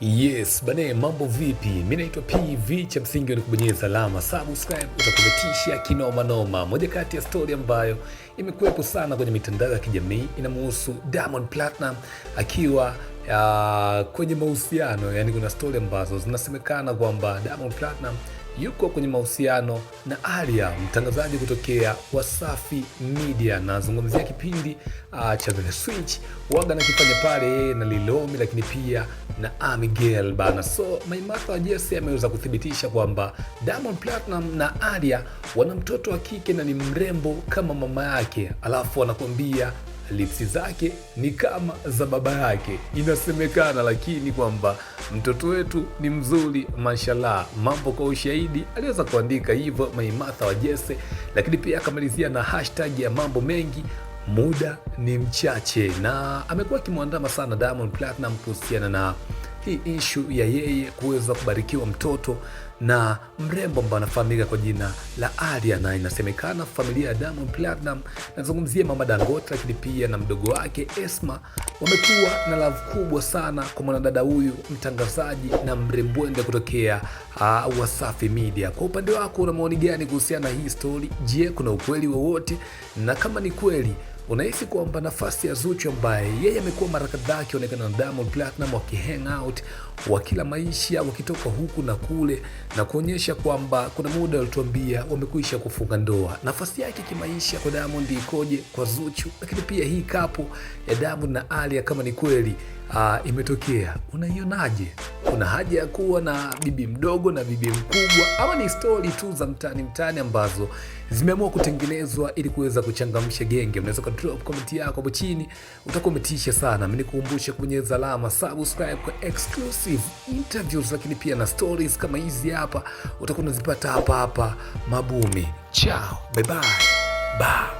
Yes bane, mambo vipi? Mimi naitwa PV, cha msingi ni kubonyeza alama subscribe, utakumetisha kinoma noma. Moja kati ya story ambayo imekuwepo sana kwenye mitandao ya kijamii inamhusu Diamond Platinum akiwa uh, kwenye mahusiano. Yani kuna story ambazo zinasemekana kwamba Diamond Platinum yuko kwenye mahusiano na Alia, mtangazaji kutokea Wasafi Media. Nazungumzia kipindi uh, cha The Switch waga nakifanya pale na Lilomi, lakini pia na Ami bana. So Maimartha wa Jesse ameweza kuthibitisha kwamba Diamond Platinum na Aria wana mtoto wa kike na ni mrembo kama mama yake, alafu anakwambia lipsi zake ni kama za baba yake. Inasemekana lakini kwamba mtoto wetu ni mzuri, mashallah. Mambo kwa ushahidi, aliweza kuandika hivyo Maimartha wa Jesse, lakini pia akamalizia na hashtag ya mambo mengi muda ni mchache, na amekuwa akimwandama sana Diamond Platinum kuhusiana na hii ishu ya yeye kuweza kubarikiwa mtoto na mrembo ambaye anafahamika kwa jina la Aria, na inasemekana familia ya Diamond Platinum, nazungumzia mama Dangote, lakini pia na mdogo wake Esma, wamekuwa na love kubwa sana kwa mwanadada huyu mtangazaji na mrembwende kutokea uh, Wasafi Media. Kwa upande wako una maoni gani kuhusiana na hii story? Je, kuna ukweli wowote, na kama ni kweli Unahisi kwamba nafasi ya Zuchu ambaye yeye amekuwa mara kadhaa akionekana na Diamond Platnumz wakihang out wakila maisha wakitoka huku na kule na kuonyesha kwamba kuna muda walituambia wamekwisha kufunga ndoa. Nafasi yake kimaisha kwa Diamond ikoje, kwa Zuchu, lakini pia hii kapo ya Diamond na Alia kama ni kweli uh, imetokea, unaionaje? Kuna haja ya kuwa na bibi mdogo na bibi mkubwa, ama ni stori tu za mtani mtani ambazo zimeamua kutengenezwa ili kuweza kuchangamsha genge? Unaweza ka drop comment yako hapo chini, utakuwa umetisha sana. Mimi nikukumbusha kubonyeza alama subscribe kwa exclusive exclusive interviews, lakini pia na stories kama hizi hapa utakuwa unazipata hapa hapa Mabumi. Chao, bye bye. Bye.